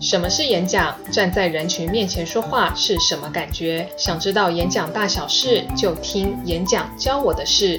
什麼是演講？站在人群面前說話是什麼感覺？想知道演講大小事，就聽《演講教我的事》。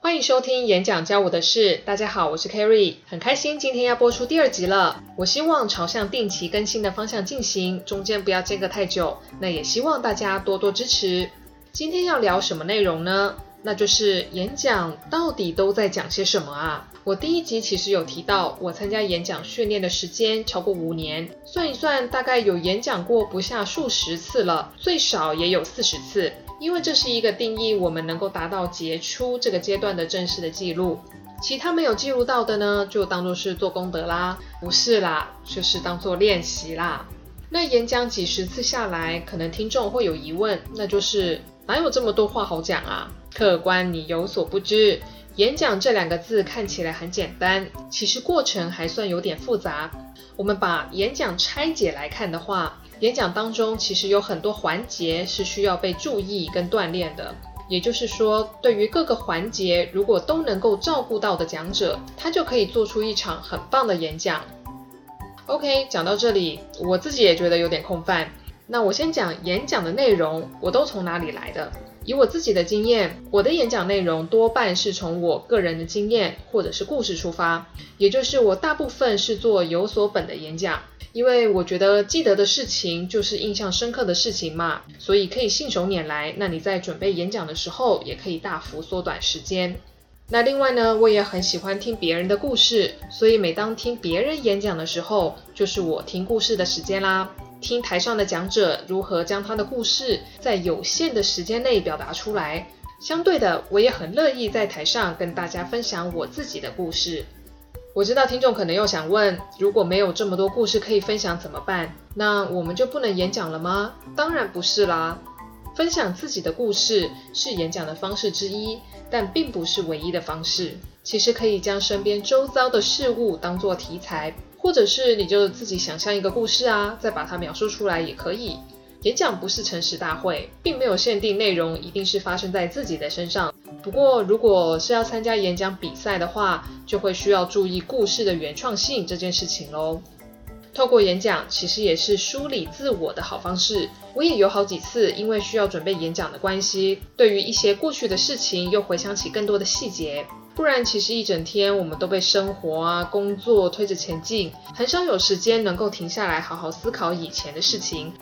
歡迎收聽《演講教我的事》，大家好，我是 Carrie，很開心今天要播出第二集了。我希望朝向定期更新的方向進行，中間不要間隔太久。那也希望大家多多支持。今天要聊什麼內容呢？那就是演講到底都在講些什麼啊？我第一集其實有提到，我參加演講訓練的時間超過五年，算一算大概有演講過不下數十次了，最少也有四十次。因為這是一個定義，我們能夠達到傑出這個階段的正式的記錄。其他沒有記錄到的呢，就當做是做功德啦，不是啦，就是當做練習啦。那演講幾十次下來，可能聽眾會有疑問，那就是。哪有這麼多話好講啊！客官，你有所不知，演講這兩個字看起來很簡單，其實過程還算有點複雜。我們把演講拆解來看的話，演講當中其實有很多環節是需要被注意跟鍛鍊的。也就是說，對於各個環節如果都能夠照顧到的講者，他就可以做出一場很棒的演講。OK，講到這裡，我自己也覺得有點空泛。那我先講演講的內容，我都從哪裡來的？以我自己的經驗，我的演講內容多半是從我個人的經驗或者是故事出發，也就是我大部分是做有所本的演講，因為我覺得記得的事情就是印象深刻的事情嘛，所以可以信手拈來。那你在準備演講的時候，也可以大幅縮短時間。那另外呢，我也很喜歡聽別人的故事，所以每當聽別人演講的時候，就是我聽故事的時間啦。聽台上的講者如何將他的故事在有限的時間內表達出來。相對的，我也很樂意在台上跟大家分享我自己的故事。我知道聽眾可能又想問：如果沒有這麼多故事可以分享怎麼辦？那我們就不能演講了嗎？當然不是啦！分享自己的故事是演講的方式之一，但並不是唯一的方式。其實可以將身邊周遭的事物當作題材。或者是你就自己想象一個故事啊，再把它描述出來也可以。演講不是誠實大會，並沒有限定內容一定是發生在自己的身上。不過如果是要參加演講比賽的話，就會需要注意故事的原創性這件事情嘍。透過演講，其實也是梳理自我的好方式。我也有好幾次因為需要準備演講的關係，對於一些過去的事情又回想起更多的細節。不然，其實一整天我們都被生活啊、工作推着前進，很少有時間能夠停下來好好思考以前的事情。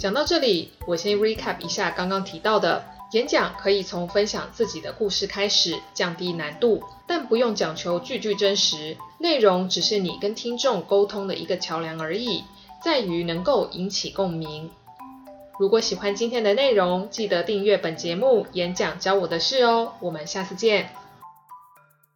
講到這裡，我先 recap 一下剛剛提到的：演講可以從分享自己的故事開始，降低難度，但不用講求句句真實，內容只是你跟聽眾溝通的一個橋梁而已，在於能夠引起共鳴。如果喜歡今天的內容，記得訂閱本節目《演講教我的事》哦。我們下次見。